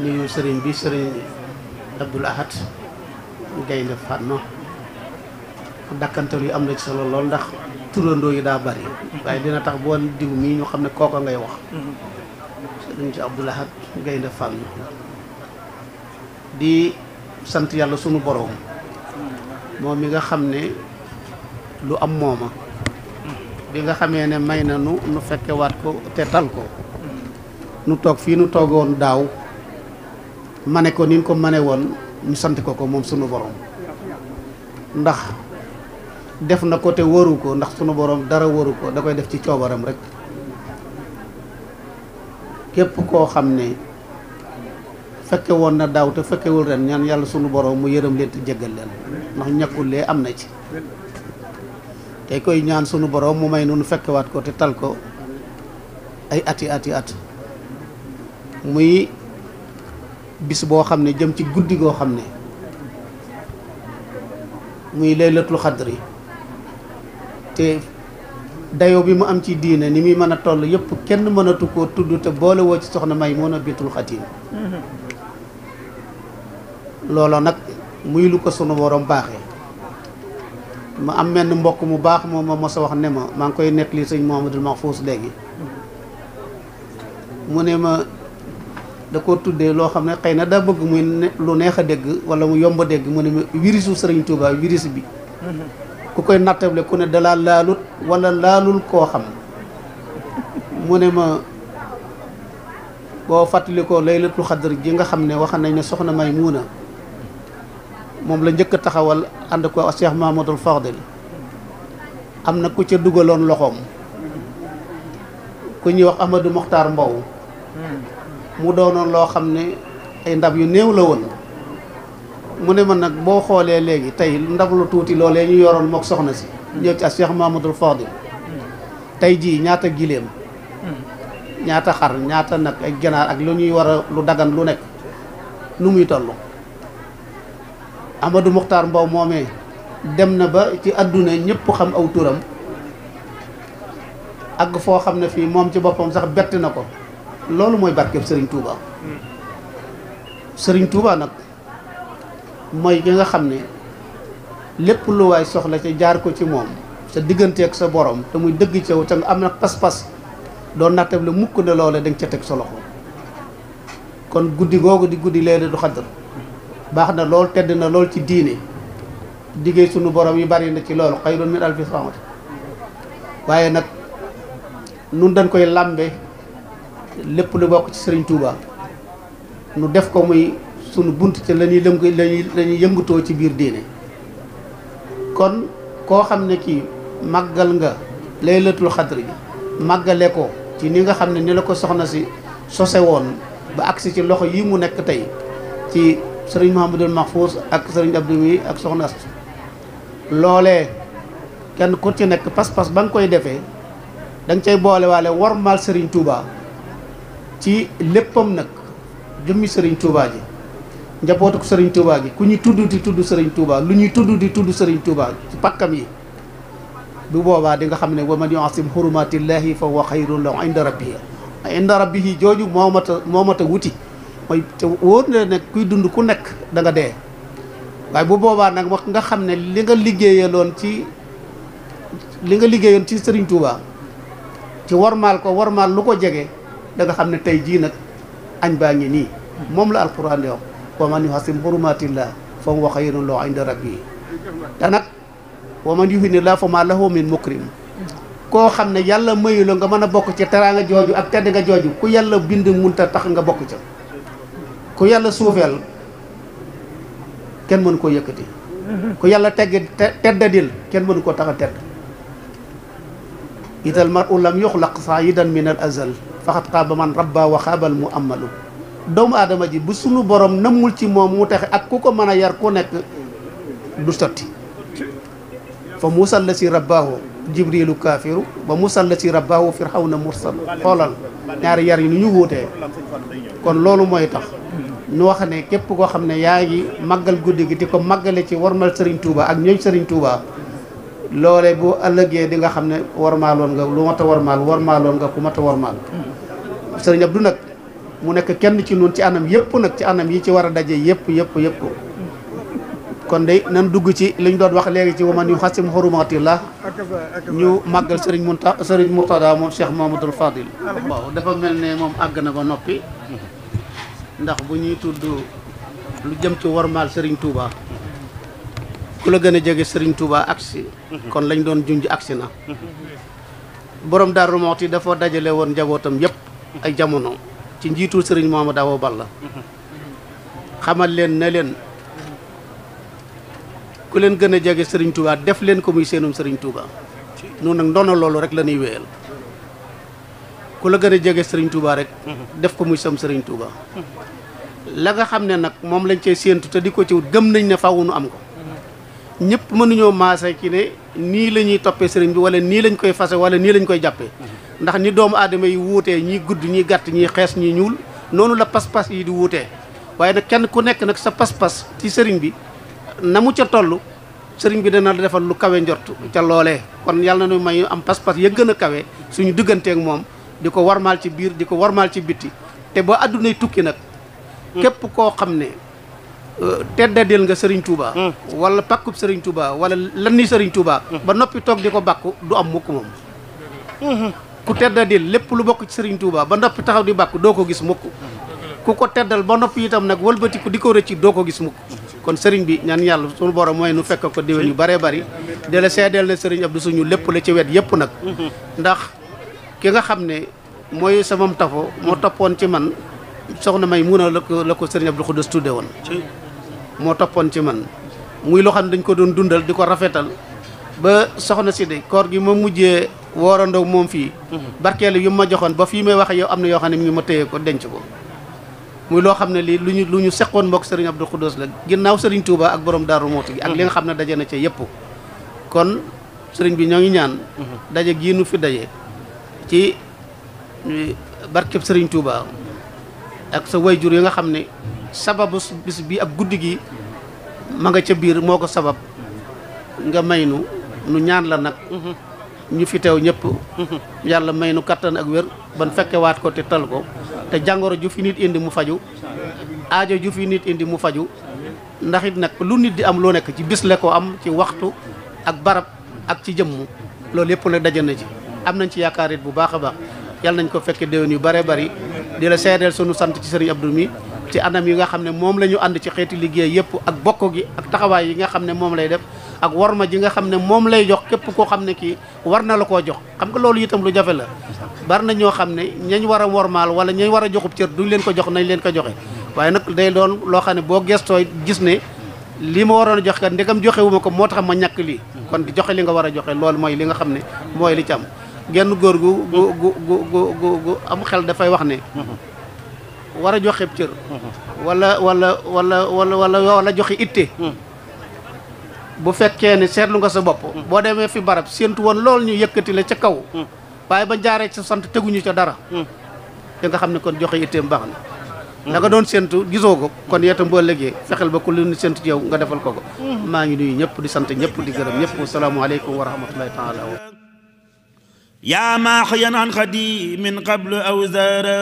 nuyu sëriñ bi sëriñ Abdul Ahad Gaynde fanno dakantal yu am na ci solo lol ndax turando yi da bari waaye dina tax boo diw mi ñu xamne ne ngay wax sëriñ ci Abdul Ahad Gaynde fanno di sant yalla suñu borom mom mi nga xamne lu am moma bi nga xamé ne may nu fekké wat ko té tal ko nu tok fi nu togon daw mane ko nin ko mane woon ñu sant ko ko moom sunu borom ndax def na ko te waru ko ndax sunu boroom dara waru ko da koy def ci coobaram rek képp koo xam ne fekke woon na daaw te fekkewul ren ñaan yàlla sunu borom mu yërëm leen te jéggal leen ndax ñàkkulee am na ci te koy ñaan sunu borom mu may nunu fekkewaat ko te tal ko ay ati ati at muy bis boo xam ne jëm ci guddi goo xam ne muy laylatul xadri te dayoo bi mu am ci diine ni muy mën a toll yëpp kenn mënatu koo tudd te boole woo ci soxna Maymuna bintul Xatim looloo nag muy lu ko sunu borom baaxee mu am menn mbokk mu baax moom ma mos a wax ne ma maa ngi koy nettali sëñ Mouhamadul Mahfous léegi mu ne ma da ko tuddee loo xam ne xëy na daa bëgg muy lu neex a dégg wala mu yomb a dégg mu ne wirisu sëriñ Touba virus bi ku koy nattable ku ne dalaa laalut wala laalul koo xam mu ne ma boo fàttalikoo laylatul xadr ji nga xam ne wax nañ ne soxna may muuna moom la njëkk taxawal ànd ko Cheikh Mahmadul Fadil am na ku ca dugaloon loxoom ku ñuy wax amadu Mokhtar Mbow mu doonoon loo xam ne ay ndab yu néew la woon mu ne ma nag boo xoolee léegi tey ndab lu tuuti loolee ñu yoroon mook soxna si ñëw ci as Cheikh Mamadou Fadil tey jii ñaata giléem ñaata xar ñaata nag ay ganaar ak lu ñuy war a lu dagan lu nekk nu muy toll Amadou Mokhtar Mbow moomee dem na ba ci àdduna ñépp xam aw turam ak foo xam ne fii moom ci boppam sax bett na ko loolu mooy barkeb sëriñ Touba sëriñ tuubaa nag mooy ki nga xam ne lépp lu waay soxla ca jaar ko ci moom sa diggante ak sa boroom te muy dëgg ci yow te nga am na pas-pas doon nattab la mukk ne loolee da nga ca teg sa loxo kon guddi googu di guddi leele du xaddar baax na lool tedd na lool ci diine diggéey sunu borom yi bari na ci loolu xayrun min alfi sawt waaye nag nun dañ koy làmbe lépp lu bokk ci sëriñ Touba nu def ko muy sunu bunt te la ñuy lëng la ñuy yëngatoo ci biir diine kon koo xam ne kii màggal nga laylatul xadri bi màggale ko ci ni nga xam ne ni la ko soxna si sose woon ba agsi ci loxo yi mu nekk tey ci sëriñ Mouhamadul Mahfouz ak sëriñ Abdou ak soxna si loolee kenn ko ci nekk pas-pas ba nga koy defee da nga cay boolewaale warmal sëriñ Touba. ci léppam nag jëmmi sëriñ Touba ji njabootu sëriñ Touba gi ku ñuy tudd di tudd sëriñ Touba lu ñuy tudd di tudd sëriñ Touba ci pàkkam yi bu boobaa di nga xam ne wa man yuasim hurumatillahi fa huwa xayrun lahu inda rabbihi inda rabbihi jooju moo mat a moo mat a wuti mooy te wóor na ne kuy dund ku nekk danga dee waaye bu boobaa nag wax nga xam ne li nga liggéeyaloon ci li nga liggéeyoon ci sëriñ Touba ci warmaal ko warmaal lu ko jege danga xam ne tey jii nag añ baa ngi nii moom la alquran di wax wa man yuhasim hurumatillah fa huwa xayrun te nag wa man yuhini laa fa maa lahu min mukrim koo xam ne yàlla mayu la nga mën a bokk ca teraanga jooju ak tedd nga jooju ku yàlla bind munta tax nga bokk ca ku yàlla suufeel kenn mënu koo yëkkati ku yàlla tegg teddadil kenn mënu koo tax a tedd ital mar'u lam yuxlaq saidan min al azal faxat xaaba man rabba wa xaabal mu amalu doomu aadama ji bu sunu borom nammul ci moom mu texe ak ku ko mën a yar ku nekk du sotti fa musal la si rabbaahu jibrilu kaafiru ba musal la si rabbaahu firxawna mursal xoolal ñaari yar yi nu ñu wuutee kon loolu mooy tax nu wax ne képp koo xam ne yaa ngi màggal guddi gi di ko màggale ci warmal sëriñ Touba ak ñooñ sëriñ Touba loole bu ëllëgee di nga xam ne warmaaloon nga lu mat a warmaal warmaaloon nga ku mat a warmaal sëriñ Abdou nag mu nekk kenn ci noonu ci anam yëpp nag ci anam yi ci war a daje yëpp yëpp yëpp kon de nan dugg ci li doon wax léegi ci waman yu xasim xurumatillah ñu màggal sëriñ Munta sëriñ Murtada moom Cheikh Mamadou Fadil waaw dafa mel ne moom àgg na ba noppi ndax bu ñuy jëm ci warmaal sëriñ Touba ku la gën a jege Serigne tuubaa agsi kon lañ doon junj agsi na borom Daaru Muxti dafa dajale woon njabootam yëpp ay jamono ci njiitul Serigne Mohamed Awa Balla xamal leen ne leen ku leen gën a jege sëriñ Touba def leen ko muy seenum Serigne Touba noonu nag ndono loolu rek la ñuy ku la gën a jege Serigne Touba rek. def ko muy sam Serigne la nga xam ne nag moom lañ cee séentu te di ko ci wut gëm nañ ne faaw nu am ko. ñëpp mënuñoo maase ci ne nii la ñuy toppee sëriñ bi wala nii lañ koy fase wala nii lañ koy jàppee ndax ni doomu aadama yi wuutee ñii gudd ñii gàtt ñii xees ñii ñuul noonu la pas-pas yi di wuutee waaye nag kenn ku nekk nag sa pas-pas ci sëriñ bi na mu ca toll sëriñ bi dana defal lu kawe njort ca loole kon yàlla na nu may am pas-pas ya gën a kawe suñu digganteek moom di ko warmaal ci biir di ko warmaal ci bitti te ba àddunay tukki nag hmm. képp koo xam ne teddadeel nga Serigne Touba. Hmm. wala pakkub Serigne Touba wala lan ni Serigne Touba. Hmm. ba noppi toog di ko bàkku du am mukk moom. Hmm. ku teddadeel lépp lu bokk ci sëriñ Touba ba noppi taxaw di bàkku doo ko gis mukk ku ko teddal ba noppi itam nag wëlbatiku di ko rëcc doo ko gis kon sëriñ bi ñaan yàlla suñu borom mooy nu fekk ko déwén yu bëree bëri. de la seedeel na Serigne Abdou suñu lépp la ci wet yëpp nag. ndax ki nga xam ne mooy samam tafo moo toppoon ci man soxna May mun a la ko la ko Serigne Abdou Khoudous tudde woon. mo topon ci man muy lo xam dañ ko doon dundal diko rafetal ba soxna si de koor gi ma mujjee woorandoo mom fi mm-hmm. barkel yu ma joxone ba fi may wax yow amna yo xam mi ngi ma téye ko denc ko muy lo xam ne lii luñu ñu lu ñu Abdou khodous la ginnaw serigne Touba ak borom daru moti ak li nga xam ne na ci yépp kon serigne bi ñoo ngi ñaan mm-hmm. dajé gi ñu fi daje ci barkeb serigne Touba ak sa wayjur yi nga xam ni sababu bis bi ak guddi gi ma nga ca biir moo ko sabab nga may nu nu ñaan la nag mhm. ñu fi teew ñëpp mhm. yàlla may nu kàttan ak wér ban fekkewaat ko te tal ko te jàngoro ju fi nit indi mu faju aajo ju fi nit indi mu faju ndax it nag lu nit di am loo nekk ci bis la ko am ci waxtu ak barab ak ci jëmm loolu yëpp nag daje na ci am nañ ci yaakaar it bu baax a baax yàlla nañ ko fekke déwén yu bare bari di la seedeel sunu sant ci sëriñ Abdou mi ci anam yi nga xam ne moom la ñu ànd ci xeeti liggéey yëpp ak bokk gi ak taxawaay yi nga xam ne moom lay def ak warma ji nga xam ne moom lay jox képp koo xam ne kii war na la koo jox xam loolu itam lu jafe la bari na ñoo xam ne ñañ war a wormaal wala ñañ war a joxub cër duñ leen ko jox nañ leen ko joxe waaye nag day doon loo xam ne boo gestooy gis ne lii ma waroon a joxe kat ndegam ko moo tax ma ñàkk lii kon joxe li nga war a joxe loolu mooy li nga xam ne mooy li ci am genn góor gu gu gu gu gu am xel dafay wax ne war a joxe cër. wala wala wala wala wala wala joxe itte. Hmm. bu fekkee ne seetlu nga sa bopp. Hmm. boo demee fi barab séentu woon lool ñu yëkkati la ca kaw. Hmm. waaye ba jaaree sa sant teguñu ca dara. te xam ne kon joxe itteem baax na. la doon séentu gisoo ko. kon yeetam boo légee fexeel ba ku lu ñu séentu yow nga defal ko ko. maa ngi nuyu ñëpp di sant ñëpp di gërëm ñëpp salaamualeykum wa rahmatullahi taala yaa maax yan an min qablu aw zara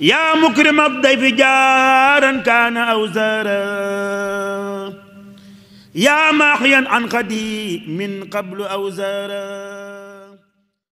يا مكرم الضيف جارا كان أو زارا يا ماحيا عن قديم من قبل أو زارا